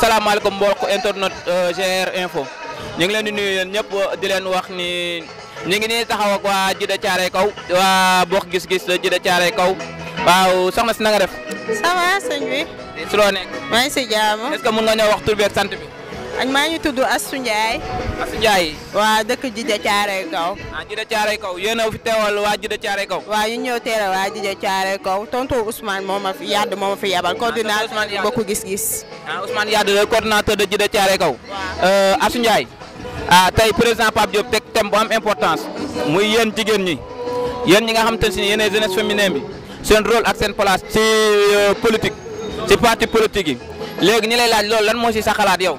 salaamaaleykum mbokk internet euh, GR info ñu ngi leen di nuyu yéen ñëpp di leen wax ni ñu ngi nii taxaw ak waa Jida Kaw waa bokk gis-gis la a Thiaroye Kaw waaw soxna si na nga def. ça va sëñ bi. si loo nekk. maa ngi si jàmm. est-ce que mun nga ñëw wax tur bi sant bi. ak maa ngi tudd Astou Ndiaye. Astou Ndiaye. waa dëkk Djidda Thiaroye Kaw. ah Djidda Kaw yéen fi teewal waa Djidda Thiaroye Kaw. waa ñu ñëw teere waa Djidda Thiaroye Kaw tontu Ousmane moo ma yàdd moo ma fi yabal ah, coordinateur gis-gis. ah Ousmane yàdd la coordinateur de Djidda Thiaroye Kaw. waaw euh, Astou ah, tey président Pape Diop teg thème am importance. muy yéen jigéen ñi. yéen ñi nga xam te ne si yéen ay jeunesse bi. seen rôle ak seen place ci euh, politique. ci parti politique yi. léegi ñi lay laaj lool lan moo si sa xalaat yow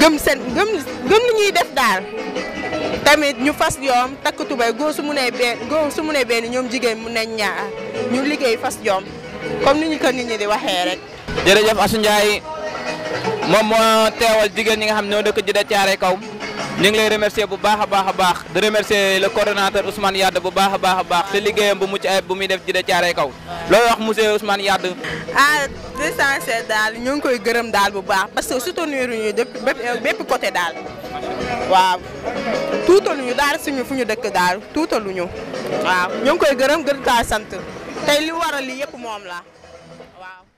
gëm sen gëm gëm ni ñuy def daal tamit ñu fas yoom takk tubay goo su munee benn goo su munee benn ñoom ne ñaar ñu liggéey fas yoom comme ni ñu ko nit ñi di waxee rek. jërëjëf Assou Ndiaye moom moo teewal jigéen ñi nga ñu ngi lay remercier bu baax a baax a baax di remercier le coordonnateur Ousmane Yade bu baax a baax a baax te liggéeyam bu mucc ayib bu muy def ji de caaree kaw loo wax monsieur Ousmane Yade ah l'essentiel daal ñu ngi koy gërëm daal bu baax parce que soutenir ñu bépp bépp côté daal waaw tuutaluñu daal suñu fu ñu dëkk daal tuutaluñu waaw ñu ngi koy gërëm gën kaa sant tey li waral li yëpp moom la waaw